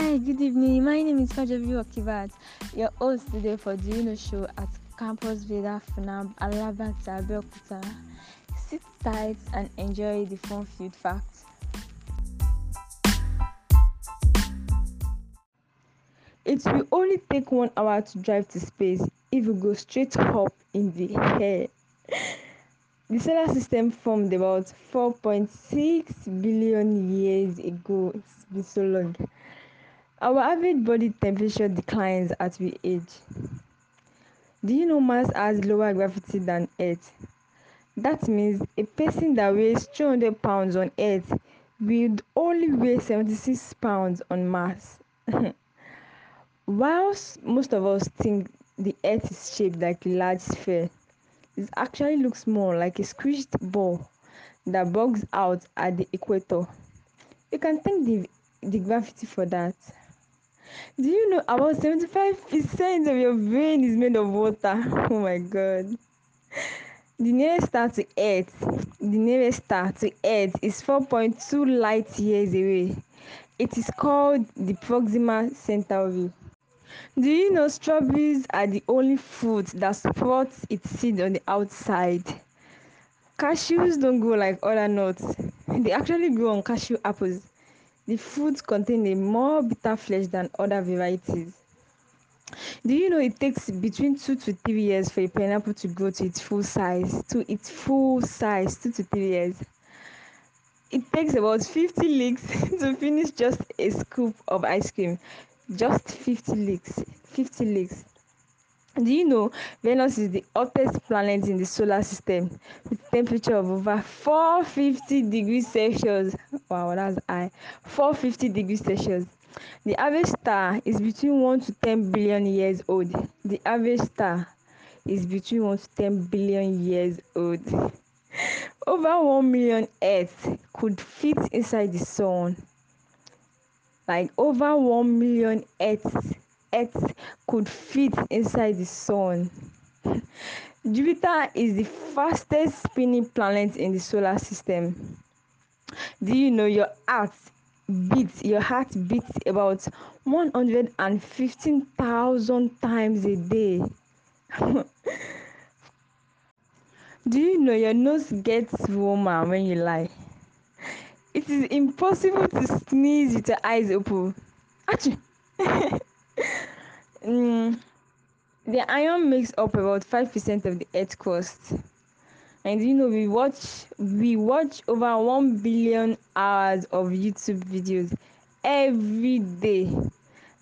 Hi, good evening. My name is Kajavi you your host today for the UNO show at Campus Veda Funab Alabata Belkuta. Sit tight and enjoy the fun field facts. It will only take one hour to drive to space if you go straight up in the air. The solar system formed about 4.6 billion years ago. It's been so long. Our average body temperature declines as we age. Do you know Mars has lower gravity than Earth? That means a person that weighs 200 pounds on Earth will only weigh 76 pounds on Mars. Whilst most of us think the Earth is shaped like a large sphere, it actually looks more like a squished ball that bugs out at the equator. You can thank the, the gravity for that. Do you know about 75% of your brain is made of water? Oh my god. The nearest star to Earth, the nearest star to Earth is 4.2 light years away. It is called the Proxima Centauri. Do you know strawberries are the only fruit that sports its seed on the outside? Cashews don't grow like other nuts. They actually grow on cashew apples. The fruits contain a more bitter flesh than other varieties. Do you know it takes between two to three years for a pineapple to grow to its full size? To its full size, two to three years. It takes about 50 licks to finish just a scoop of ice cream. Just 50 licks. 50 licks. Do you know Venus is the hottest planet in the solar system with temperature of over 450 degrees Celsius? Wow, that's high 450 degrees celsius the average star is between one to ten billion years old the average star is between one to ten billion years old over one million earths could fit inside the sun like over one million earths earths could fit inside the sun jupiter is the fastest spinning planet in the solar system Do you know your heart beats your heart beats about 115,000 times a day? Do you know your nose gets warmer when you lie? It is impossible to sneeze with your eyes open. Achoo. mm, the iron makes up about 5% of the earth's crust. And you know, we watch we watch over one billion hours of YouTube videos every day.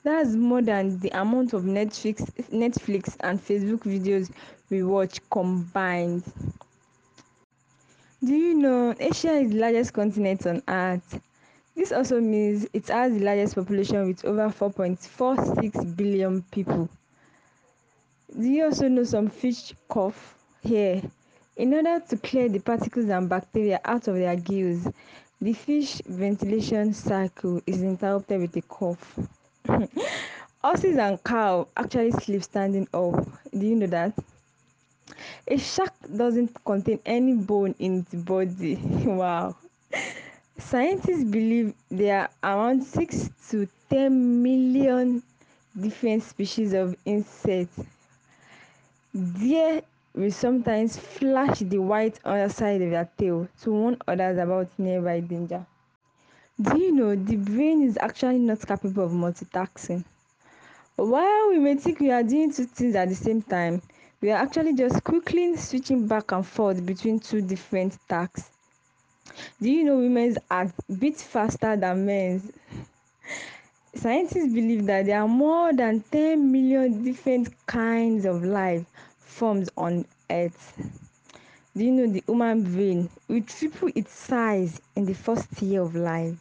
That's more than the amount of Netflix Netflix and Facebook videos we watch combined. Do you know Asia is the largest continent on earth? This also means it has the largest population with over 4.46 billion people. Do you also know some fish cough here? In order to clear the particles and bacteria out of their gills, the fish ventilation cycle is interrupted with a cough. Horses and cow actually sleep standing up. Do you know that? A shark doesn't contain any bone in its body. wow. Scientists believe there are around 6 to 10 million different species of insects. There will sometimes flash the white underside of their tail to warn others about nearby danger. Do you know the brain is actually not capable of multitasking? While we may think we are doing two things at the same time, we are actually just quickly switching back and forth between two different tasks. Do you know women's act bit faster than men's? Scientists believe that there are more than 10 million different kinds of life Forms on earth. Do you know the human brain will triple its size in the first year of life?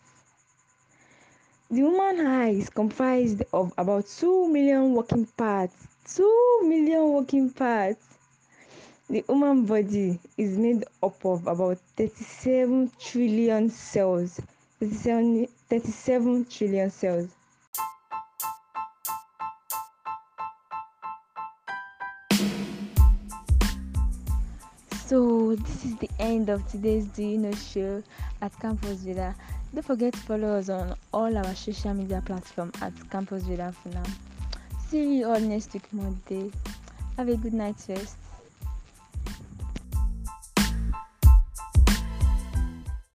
The human eye is comprised of about 2 million working parts. 2 million working parts. The human body is made up of about 37 trillion cells. 37, 37 trillion cells. So this is the end of today's Do You Know show at Campus Villa. Don't forget to follow us on all our social media platforms at Campus Villa for now. See you all next week Monday. Have a good night first.